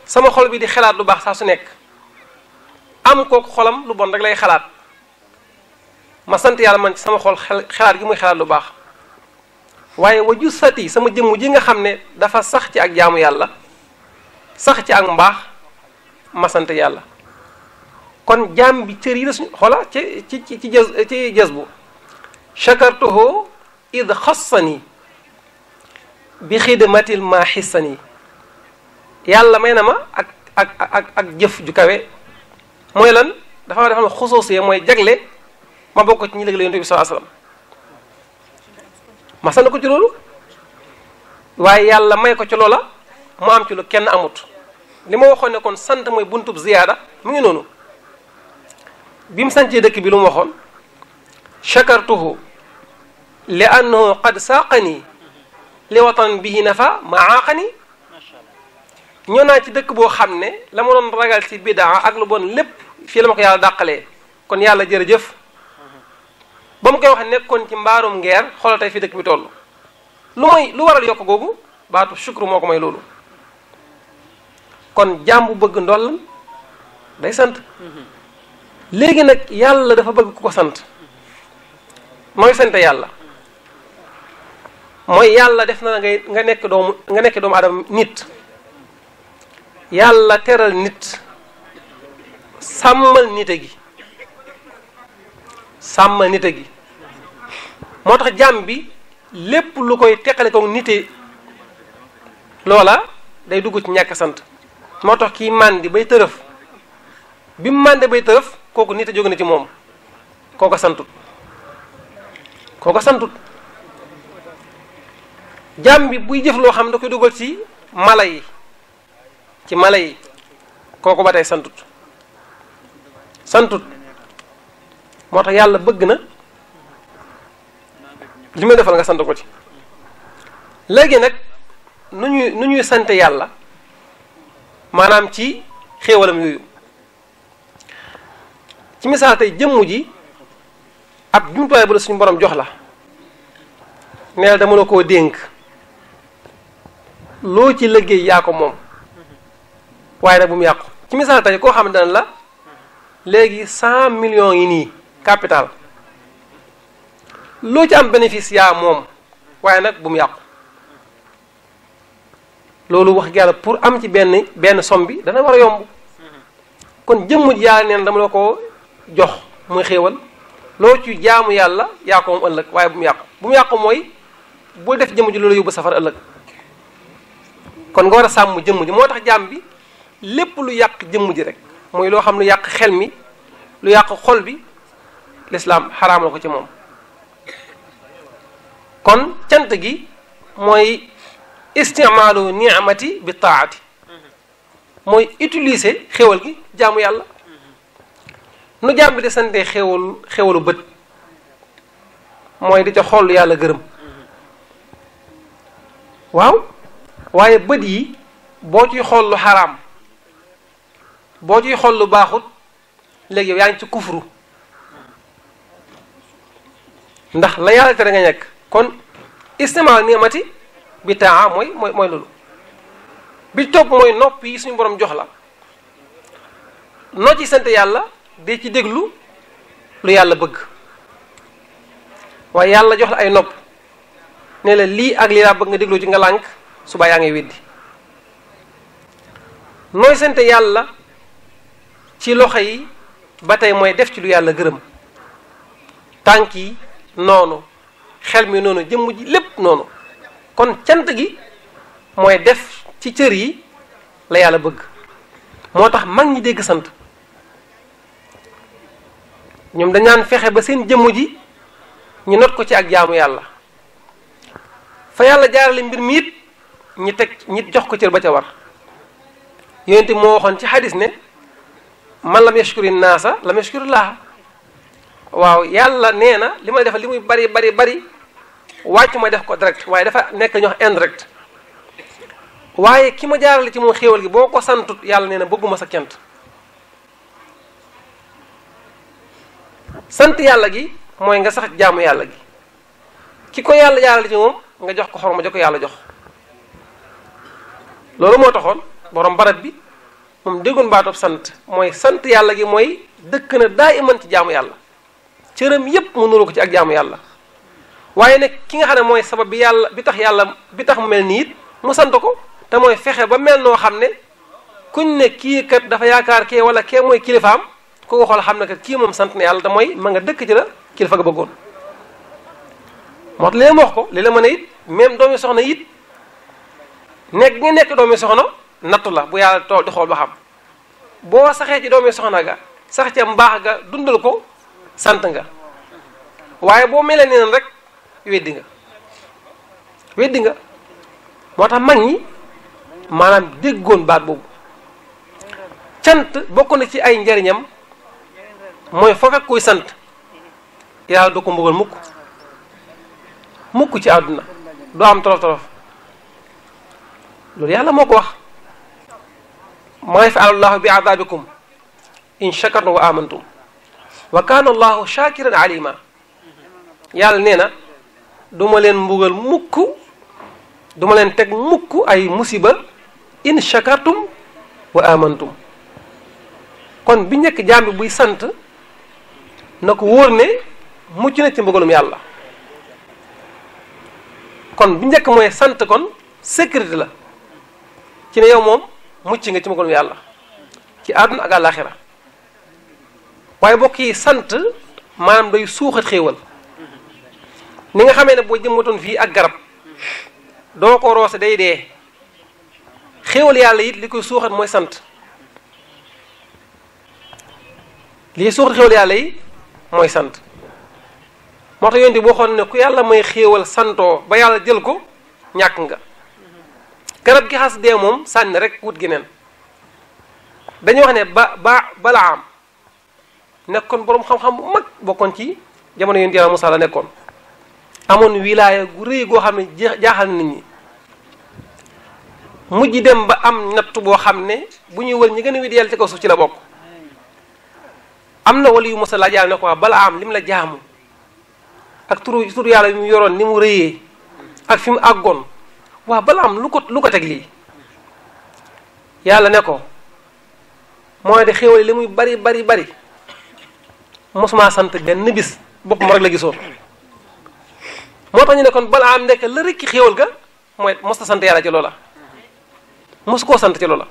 sama xol bi di xalaat lu baax saa su nekk am kooku xolam lu bon rek lay xalaat ma sant yàlla man ci sama xol xalaat gi muy xalaat lu baax waaye waju sati sama jëmm ji nga xam ne dafa sax ci ak jaamu yàlla sax ci ak mbaax ma sant yàlla kon jaam bi cër yi la suñ xoola ci ci ci jë ci jës bu chakartuhu id xassani bi xidmatil ma xissani yàlla may na ma ak ak ak jëf ju mooy lan dafa dafa am xusoosee mooy jagle ma bokk ci ñi léegi la yonent bi sallallahu alayhi ma sant ko ci loolu waaye yàlla may ko ci loola mu am ci lu kenn amut li ma waxoon ne kon sant mooy buntub ziyaada mu ngi noonu bi mu sancee dëkk bi lu mu waxoon chakartuhu li annahu qad saaqani watan bihi nafa ma aaqani ñoo naa ci dëkk boo xam ne la ma doon ragal ci bidaa ak lu bon lépp fii la ma ko yàlla dàqalee kon yàlla jërëjëf mm-hmm. ba mu koy wax nekkoon ci mbaarum ngeer xoolal tey fi dëkk bi toll lu may lu waral yokk googu baatu shukru moo ko may loolu kon jaam bëgg ndollam sant mm-hmm. léegi nag yàlla dafa bëgg ku ko sant mooy sant yàlla mooy yàlla def na la ngay nga nekk doomu nga nekk doomu adama nit yàlla teral nit sàmmal nite gi sàmmal nite gi moo tax jàmm bi lépp lu koy teqale ko nite loola day dugg ci ñàkk sant moo tax kii màndi bay tërëf bi mu màndi bay tërëf kooku nit a jóge na ci moom kooka santut kooka santut jaam bi buy jëf loo xam da koy dugal ci mala yi ci mala yi kooku ba tey santut santut moo tax yàlla bëgg na li may defal nga sant ko ci léegi nag nu ñuy nu ñuy sante yàlla maanaam ci xéewalam yooyu ci misaal tey jëmm ji ab jumtuwaay bu la suñu boroom jox la neel dama la koo dénk loo ci liggéey yaa ko moom waaye nag bu mu yàqu ci misaal tey koo xam ne dana la léegi cent millions yi nii capital loo ci am bénéfice yaa moom waaye nag bu mu yàqu loolu wax yàlla pour am ci benn benn somme bi dana war a yomb kon jëmm ji yaa neen dama la ko jox muy xéewal loo ci jaamu yàlla yaa ko moom ëllëg waaye bu mu yàqu bu mu yàqu mooy boo def jëmm ji loolu yóbbu safara ëllëg kon nga war a sàmm jëmm ji moo tax jaam bi lépp lu yàq jëmm ji rek mooy loo xam lu yàq xel mi lu yàq xol bi lislaam xaraam ko ci moom kon cant gi mooy istimaalu ni'mati bi taati mooy utilise xéwal gi jaamu yàlla nu jàmm bi di sante xéwal xéwalu bët mooy di ca xool yàlla gërëm waaw waaye bët yi boo ciy xool lu xaraam boo ciy xool lu baaxut léegi yaa ngi ci kufru ndax la yàlla tere nga nekk kon istimaal ni amati bi taa mooy mooy loolu bi topp mooy nopp yi suñu boroom jox la noo ci sant yàlla de ci déglu lu yàlla bëgg waaye yàlla jox la ay nopp ne la lii ak lii laa bëgg nga déglu ci nga lànk suba yaa ngi weddi nooy sant yàlla ci loxo yi ba tey mooy def ci lu yàlla gërëm tànk yi noonu xel mi noonu jëmm ji lépp noonu kon cant gi mooy def ci cër yi la yàlla bëgg moo tax mag ñi dégg sant ñoom dañaan fexe ba seen jëmm ji ñu not ko ci ak jaamu yàlla fa yàlla jaarale mbir mi it ñi teg ñi jox ko cër ba ca war yonent moo waxoon ci xadis ne man lam yashkuri naasa lam yashkuri laaxam waaw yàlla nee na li may defal li muy bari bari bari wàcc ma def ko direct waaye dafa nekk ñox indirect waaye ki ma jaarale ci moom xéewal gi boo ko santut yàlla nee na bëgguma sa cant sant yàlla gi mooy nga sax jaamu yàlla gi ki ko yàlla jaarale ci moom nga jox ko xorma jox ko yàlla jox loolu moo taxoon borom barat bi moom déggoon baatoob sant mooy sant yàlla gi mooy dëkk na daa iman ci jaamu yàlla cëram yépp mu nuru ko ci ak jaamu yàlla waaye nag ki nga xam ne mooy sabab bi yàlla bi tax yàlla bi tax mel nii it mu sant ko te mooy fexe ba mel noo xam ne kuñ ne kii kat dafa yaakaar kee wala kee mooy kilifaam ku ko xool xam na que kii moom sant na yàlla te mooy ma nga dëkk ci la kilifa ga bëggoon moo tax léeg wax ko li la mën a it même doomi soxna it nekk nga nekk doomi soxna nattu la bu yàlla tool di xool ba xam boo saxee ci doomi soxna ga sax ca mbaax ga dundal ko sant nga waaye boo melee ne rek weddi nga weddi nga moo tax mag ñi maanaam déggoon baat boobu cant bokk na ci ay njariñam mooy foo fekk kuy sant yàlla du ko mbugal mukk mukk ci àdduna doo am tolof tolof loolu yàlla moo ko wax maa yafalu llahu bi adabikum in shakartum wa amantum wa kaana allahu shakiran alima yàlla nee na duma leen mbugal mukk duma leen teg mukk ay musiba in shakartum wa amantum kon bi njëkk jaam bi buy sant na ko wóor ne mucc na ci mbugalum yàlla kon bu njëkk mooy sant kon sécurité la ci ne yow moom mucc nga ci mbugalum yàlla ci àdduna ak àllaaxira waaye bokk yi sant maanaam day suuxat xéewal ni nga xamee ne boo jëmmatoon fii ak garab doo ko roose day dee xéewal yàlla it li koy suuxat mooy sant lii suuxat xéewal yàlla yi mooy sant moo tax yonent bi waxoon ne ku yàlla may xéewal santoo ba yàlla jël ko ñàkk nga garab gi xas dee moom sànni rek wut geneen neen dañu wax ne ba ba balaam nekkoon boroom xam-xam bu mag bokkoon ci jamono yonent yàlla Musaa la nekkoon amoon wilaaya gu rëy goo xam ne jaaxal nit ñi mujj dem ba am natt boo xam ne bu ñuy wër ñu gën a wéddi yàlla ci kaw suuf ci la bokk am na wala yu mos a laaj ne ko bala am li mu la jaamu ak turu turu yàlla yu mu yoroon ni mu rëyee ak fi mu àggoon waa bala am lu ko lu ko teg lii yàlla ne ko mooy de xéwal li muy bari bari bari mosuma sant benn bis boppam rek la gisoon moo tax ñu ne kon bala am nekk la rekki xéwal ga mooy mos sant yàlla ci loola mos koo sant ci loola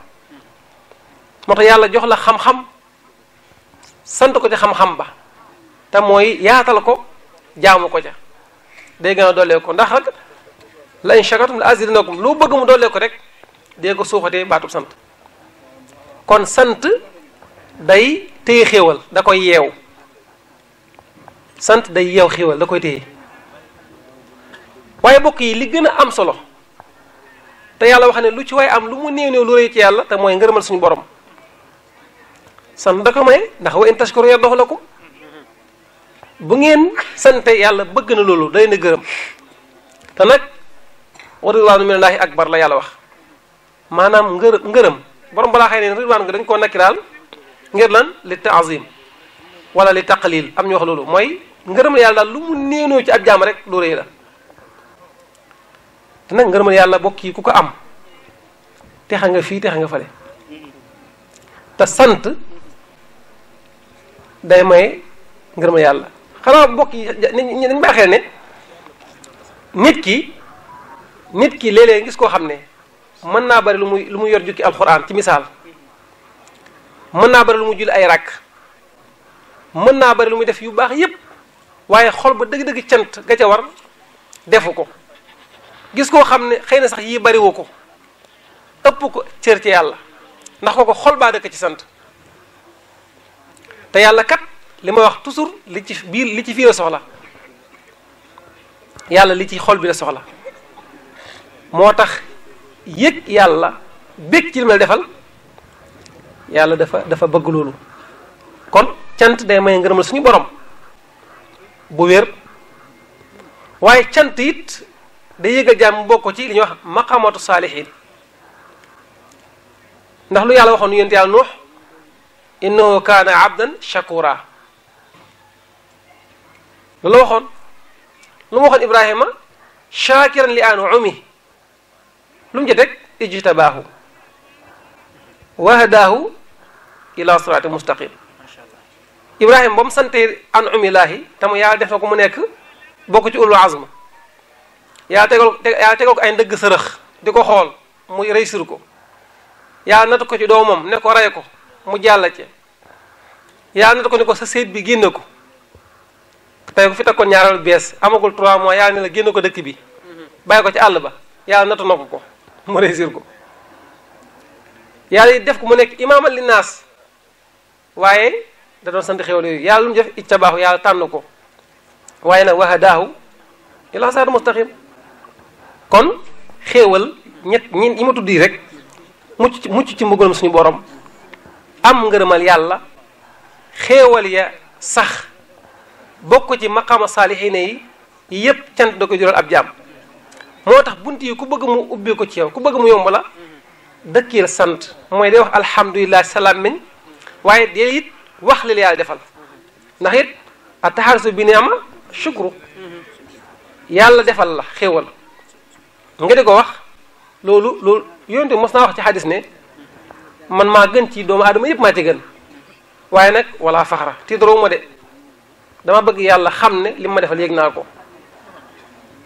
moo tax yàlla jox la xam-xam. sant ko ci xam-xam ba te mooy yaatal ko jaamu ko ca day gën a doolee ko ndax rek la in shakartum la azidanakum lu bëgg mu doolee ko rek dee ko suuxatee baatub sant kon sant day téye xéewal da koy yeew sant day yeew xéewal da koy téye waaye bokk yi li gën a am solo te yàlla wax ne lu ci waay am lu mu néew néew lu rëy ci yàlla te mooy ngërëmal suñu borom sant da ko may ndax wa in tashkuru yardahu ko bu ngeen sante yàlla bëgg na loolu day na gërëm te nag wa ridwaanu minallaahi akbar la yàlla wax maanaam ngër ngërëm borom balaa xëy ne ridwaan nga dañ koo nakki daal ngir lan li taazim wala li taqlil am ñu wax loolu mooy ngërëm la yàlla daal lu mu néenoo ci ab jaam rek lu rëy la te nag ngërëmal yàlla bokk yi ku ko am texa nga fii texa nga fale te sant day maye ma yàlla xanaa mbokk yi dañ bàyyi xel ne nit ki nit ki léeg ngis koo xam ne mën naa bari lu muy lu muy yor jukki alxuraan ci misaal mën naa bari lu mu julli ay rakk mën naa bari lu muy def yu baax yépp waaye xol ba dëgg-dëgg cant ga ca war defu ko gis koo xam ne xëy na sax yi bariwu ko ëpp ko cër ci yàlla ndax kooku xol baa dëkk ci sant te yàlla kat li ma wax toujours li ci biir li ci fii la soxla yàlla li ci xol bi la soxla moo tax yëg yàlla bég ci li ma la defal yàlla dafa dafa bëgg loolu kon cant day may ngërëmal suñu borom bu wér waaye cant it day yëgal jàmm bokk ci li ñuy wax maqamatu saalihin ndax lu yàlla waxoon nu yent yàlla nuux innahu kaana abdan shakura lu la waxoon lu mu waxoon ibrahima shakiran li aanu umi lu mu ca teg ijtabaahu wahadaahu ila sirati mustaqim ibrahima ba mu sante an umilaahi tamu yàlla def na ko mu nekk bokk ci ulul azma yàlla tegal ko ay ndëgg sërëx di ko xool muy réussir ko yàlla natu ko ci doomam ne ko ko mu jàll ci yàlla na ko ni ko sa séet bi génne ko tey bu fi teg ko ñaaral bees amagul 3 mois yàlla ne la génn ko dëkk bi bàyyi ko ci àll ba yàlla natu na ko ko mu réussir ko yàlla def ko mu nekk imaamal li waaye da doon xew xéwal yooyu lu mu def icca baaxu yàlla tànn ko waaye nag wax wahadaahu ila siraat mustaqim kon xéewal ñett ñi ma tuddi rek mucc ci mucc ci mbugalam suñu borom am ngërëmal yàlla xéewal ya sax bokk ci maqaama saalixiina yi yépp cant da ko jural ab jaam moo tax bunt yi ku bëgg mu ubbi ko ci yow ku bëgg mu yomb la dëkkil sant mooy day wax alhamdulilah salaam meñ waaye deel it wax li la yàlla defal ndax it a taxarisu bi niama shukru yàlla defal la xéewal nga de ko wax loolu loolu yonte mos naa wax ci xadis ne man maa gën ci doomu aadama yëpp maa ci gën waaye nag wala faxara tiitaroo ma de dama bëgg yàlla xam ne li ma defal yëg naa ko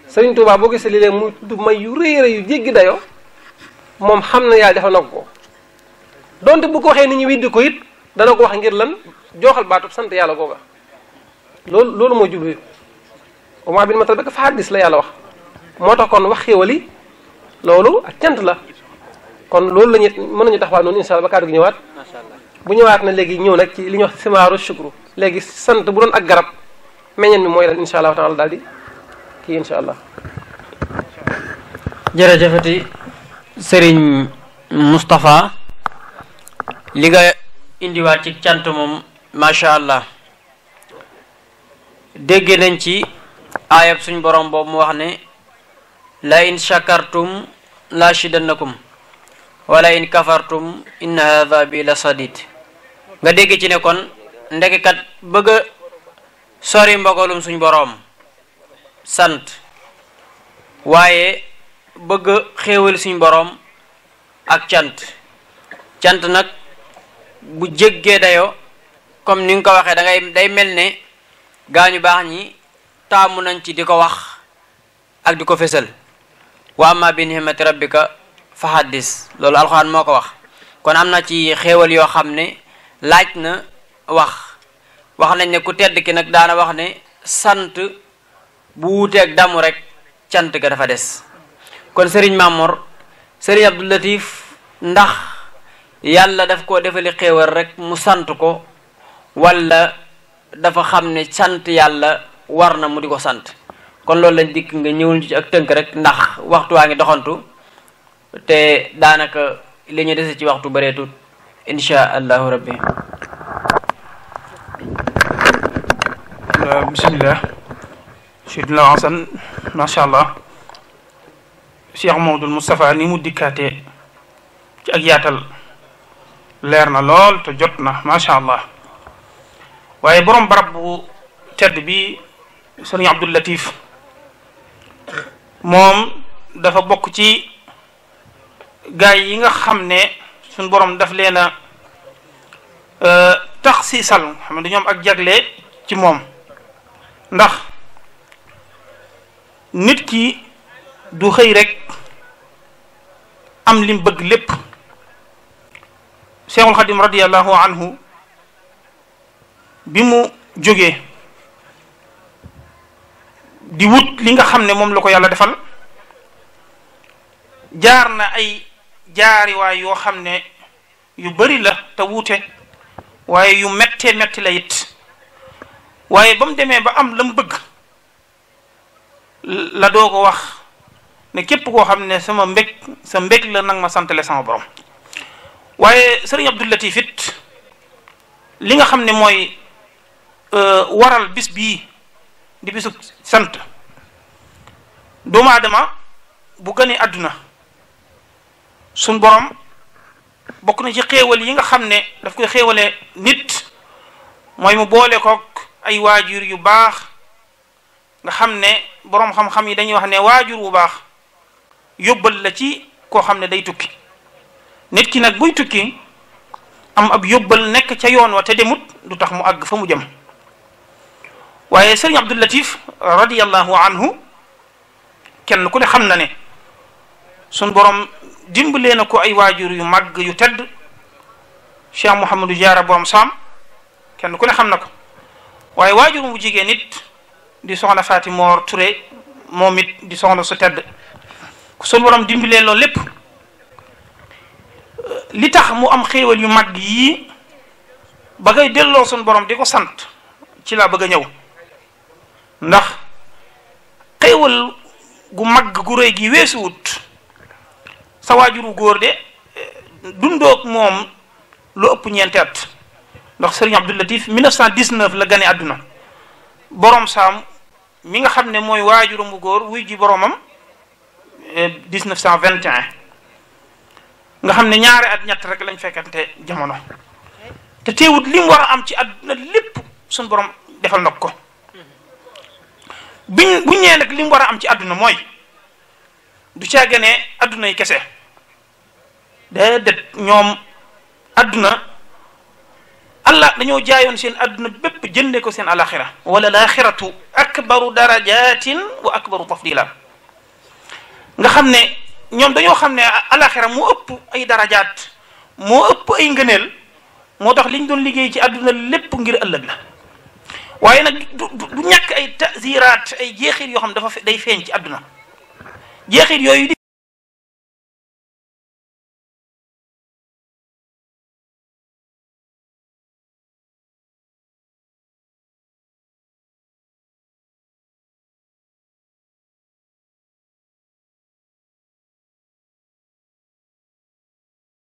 Sëriñ Tuubaa boo gisee léeg-léeg mu du may yu rëy rëy yu jéggi dayo moom xam na yàlla defal na ko donte bu ko waxee nit ñi widd ko it dana ko wax ngir lan jooxal baatub sant yàlla googa loolu loolu moo jublu au moins bi ma tal bëgg fa hadis la yàlla wax moo tax kon wax xéwali loolu ak cant la kon loolu la mën nañu taxawaa noonu incha allah ba kaddu gi ñëwaat bu ñëwaat na léegi ñëw nag ci li ñuy wax simaaru shukru léegi sant bu doon ak garab meññeen mi mooy lan incha allah taala daal di kii jërëjëfati sëriñ Moustapha li nga indiwaat ci cant moom macha allah dégg nañ ci aayab suñ borom boobu mu wax ne la in shakartum la shidannakum wala in kafartum inna hadha bi la sadid nga dégg ci nekkoon kon ndekekat bëgg a sori mbogalum suñ boroom sant waaye bëgg a suñ boroom ak cant cant nag bu jëggee dayoo comme ni nga ko waxee da ngay day mel ne gaañu baax ñi taamu nañ ci di ko wax ak di ko fesal wa amma bi ni'mati rabbika fa xaddis loolu alxuraan moo ko wax kon am na ci xéewal yoo xam ne laaj na wax wax nañ ne ku tedd ki nag daana wax ne sant bu ak damu rek cant ga dafa des kon sëriñ Mamor sëriñ Abdou Latif ndax yàlla daf koo defali xéewal rek mu sant ko walla dafa xam ne sant yàlla war na mu di ko sant kon loolu lañ dikk nga ñëwul ci ak tënk rek ndax waxtu waa ngi doxantu te daanaka li ñu dese ci waxtu bëreetut insha allahu rabbi euh, bismillah sidna Hasan masha allah Cheikh Mawdul Moustapha ni mu dikkaatee ci ak yaatal leer na lool te jot na masha waaye borom barab bu tedd bi sëriñ Abdul Latif moom dafa bokk ci gaay yi nga xam ne suñ borom daf leen a euh, tax si sal xam ne dañoo am ak jagle ci moom ndax nit ki du xëy rek am lim bëgg lépp Seexul Xadim radiyallahu anhu bi mu jógee di wut li nga xam ne moom la ko yàlla defal jaar na ay jaariwaay yoo xam ne yu bari la te wuute waaye yu mettee metti la it waaye ba mu demee ba am la mu bëgg la doo wax ne képp koo xam ne sama mbég sa mbég la nag ma santale sama borom waaye sëriñ Abdou Latif li nga xam ne mooy euh, waral bis bi di bisu sant doomu aadama bu gënee àdduna suñ borom bokk na ci xéewal yi nga xam ne daf koy xéewale nit mooy mu boole kook ay waajur yu baax nga xam ne boroom xam-xam yi dañuy wax ne waajur bu baax yóbbal la ci koo xam ne day tukki nit ki nag buy tukki am ab yóbbal nekk ca yoon wa te demut du tax mu àgg fa mu jëm waaye sëriñ Abdou Latif radiyallahu anhu kenn ku ne xam na ne suñ borom dimbalee na ko ay waajur yu màgg yu tedd Cheikh Mouhamadou Diarra Boom Sam kenn ku ne xam na ko waaye waajur bu jigéen it di soxna Faati Moor Ture moom it di soxna su tedd ku borom dimbalee loolu lépp li tax mu am xéewal yu màgg yii ba ngay delloo sunu borom di ko sant ci laa bëgg a ñëw ndax xéewal gu màgg gu rëy gi weesuwut sa waajuru góor de eh, dundoog moom lu ëpp ñeenti at ndax Serigne Abdou Latif 1919 la gane àdduna borom saam mi nga xam ne mooy waajuram bu góor wuy ji boroomam eh, cent vingt 1921 nga xam ne ñaari at ñett rek lañ fekkante jamono te teewut li war a am ci àdduna lépp suñ borom defal na ko biñ nag li mu war a am ci àdduna mooy du caagane àdduna yi kese. déedéet ñoom adduna allah dañoo jaayoon seen adduna bépp jënde ko seen alaxira wala laaxiratu akbaru darajatin wa akbaru tafdila nga xam ne ñoom dañoo xam ne alaxira moo ëpp ay darajaat moo ëpp ay ngëneel moo tax liñ doon liggéey ci adduna lépp ngir ëllëg la waaye nag du ñàkk ay tasiraat ay jeexit yoo xam dafa day feeñ ci adduna jeexit yooyu